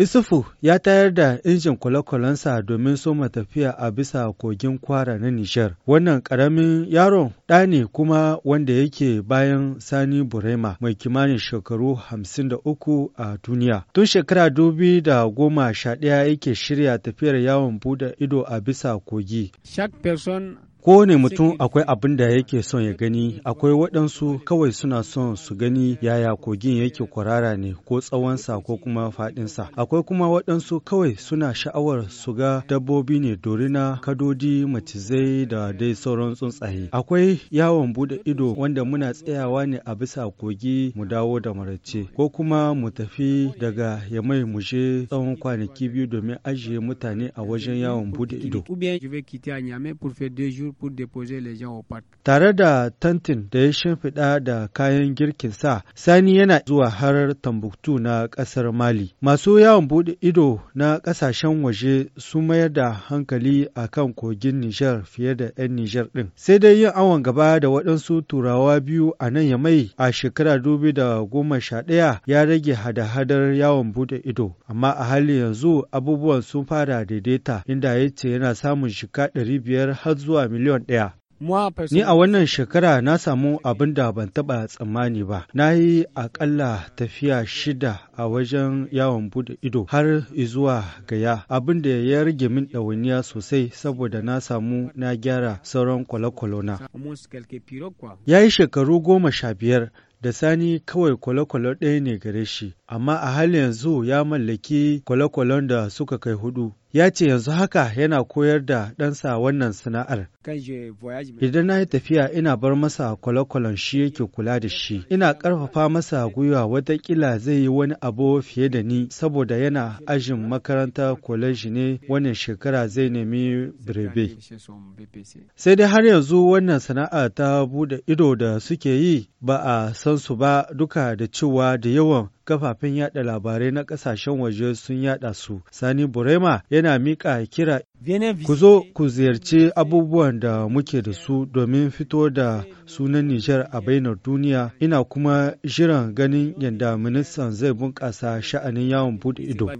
Isufu ya tayar da injin kwale-kwalensa domin soma tafiya a bisa kogin kwara na Nijar. Wannan ƙaramin yaron ɗa ne kuma wanda yake bayan Sani Burema mai kimanin shekaru 53 a duniya. Tun shekara dubi da goma sha ɗaya yake shirya tafiyar yawon buɗe ido a bisa kogi. person Kowane mutum akwai abin da yake son ya gani, akwai waɗansu kawai suna son su gani yaya kogin yake kwarara ne ko tsawonsa ko kuma faɗinsa. Akwai kuma waɗansu kawai suna sha'awar su ga dabbobi ne dorina, kadodi, macizai da dai sauran tsuntsaye. Akwai yawon buɗe ido wanda muna tsayawa ne a bisa kogi mu dawo da marace ko kuma mu tafi daga ya mu je tsawon kwanaki biyu domin ajiye mutane a wajen yawon buɗe ido. pour déposer les gens au parc. Tare da tantin da ya shimfiɗa da kayan girkin sa, Sani yana zuwa harar Tambuktu na ƙasar Mali. Masu yawon buɗe ido na ƙasashen waje sun mayar da hankali a kan kogin Nijar fiye da 'yan Nijar ɗin. Sai dai yin awon gaba da waɗansu turawa biyu a nan ya mai a shekara dubi da goma sha ɗaya ya rage hada-hadar yawon buɗe ido. Amma a halin yanzu abubuwan sun fara daidaita inda ya ce yana samun shika ɗari biyar har zuwa miliyan miliyon ɗaya. Ni a wannan shekara na samu abin da ban taɓa tsammani ba. Na yi aƙalla tafiya shida a wajen yawon bude ido har zuwa gaya. Abin da ya rage min ɗawainiya sosai saboda na samu na gyara sauran kwale Ya yi shekaru goma sha biyar da sani kawai kwale ɗaya ne gare shi, amma a halin yanzu ya mallaki kwale da suka kai hudu. ya ce yanzu haka yana koyar da ɗansa wannan sana'ar. Idan na yi tafiya ina bar masa kwale-kwalen shi yake kula da shi, ina ƙarfafa masa gwiwa watakila zai yi wani abu fiye da ni saboda yana ajin makaranta kwaleji ne wannan shekara zai nemi birebe. Sai dai har yanzu wannan sana'a ta buɗe ido da suke yi ba a san su ba duka da cewa da yawan kafafen yada labarai na kasashen waje sun yada su. Sani Burema yana mika kira ku zo ku ziyarci abubuwan da muke da su domin fito da sunan Nijar a bainar duniya. Ina kuma jiran ganin yadda ministan zai bunƙasa sha'anin yawon bude ido.